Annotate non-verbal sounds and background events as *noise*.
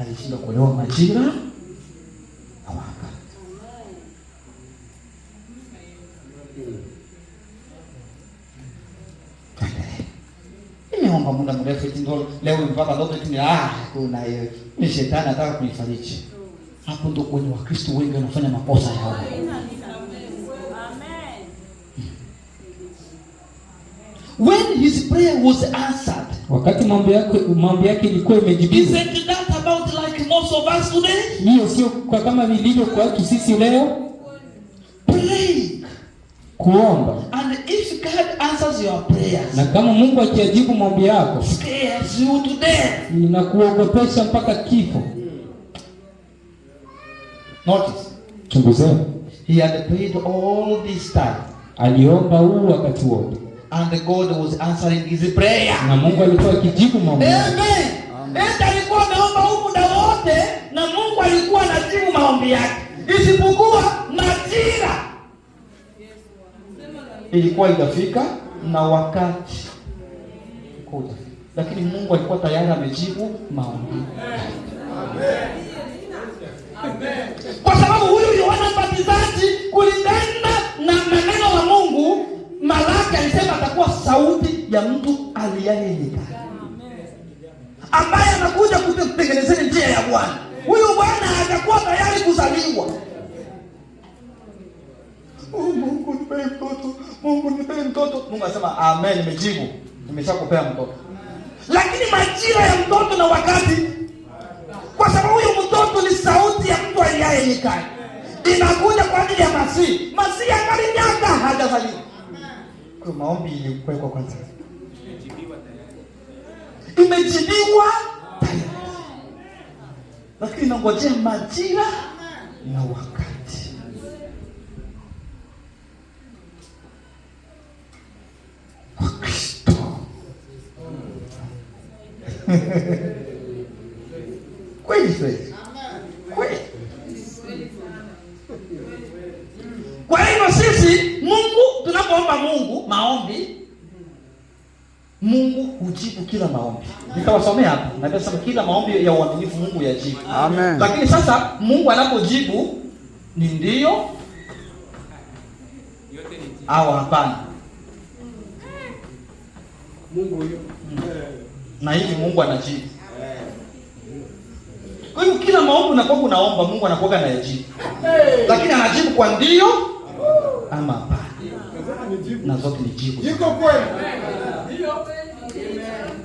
alishindwa kuelewa majira na wakati. Nimeomba muda mrefu ndio leo mpaka ndoto tu ah, kuna hiyo ni shetani anataka kunifariji. Hapo ndo kwenye Wakristo wengi wanafanya makosa yao. Amen. When his prayer was answered, wakati mambo yake mambo yake ilikuwa imejibiwa most of us today? sio kwa kama vilivyo kwetu sisi leo. Pray. Kuomba. And if God answers your prayers. Na kama Mungu akijibu maombi yako. Scares you to death. Inakuogopesha mpaka kifo. Notice. Chunguzeni. He had prayed all this time. Aliomba huu wakati wote. And God was answering his prayer. Na Mungu alikuwa akijibu maombi. Amen. Amen. Amen. yake, isipokuwa majira ilikuwa itafika na wakati kuja, lakini Mungu alikuwa tayari amejibu maombi, kwa sababu huyu Yohana Mbatizaji kulingana na maneno ya Mungu, Malaki alisema atakuwa sauti ya mtu aliaye ambaye anakuja kutengenezea njia ya Bwana. ni mtoto, Mungu nipeni mtoto. Mungu anasema amen, nimejibu, nimeshakupea mtoto. Lakini majira ya mtoto na wakati, kwa sababu huyo mtoto ni sauti ya mtu aliaye nikai, inakuja kwa ajili ya Masihi. Masihi angali miaka hajazaliwa. Kwa maombi ilikuwekwa kwanza, imejibiwa tayari, lakini inangojea majira na wakati. *laughs* kweli kweli kweli. Kwa hivyo sisi Mungu, tunapoomba Mungu maombi, Mungu hujibu kila maombi. Nikawasomea hapa, nasema kila maombi ya uaminifu Mungu yajibu. Amen. Lakini sasa Mungu anapojibu ni ndio au hapana? Mungu huyo mm na hivi Mungu anajibu. Kwa hiyo kila maombi unakuwa unaomba Mungu anakuwa anayajibu. Lakini anajibu kwa ndio ama hapana. Na zote ni jibu. Iko kweli. Ndio.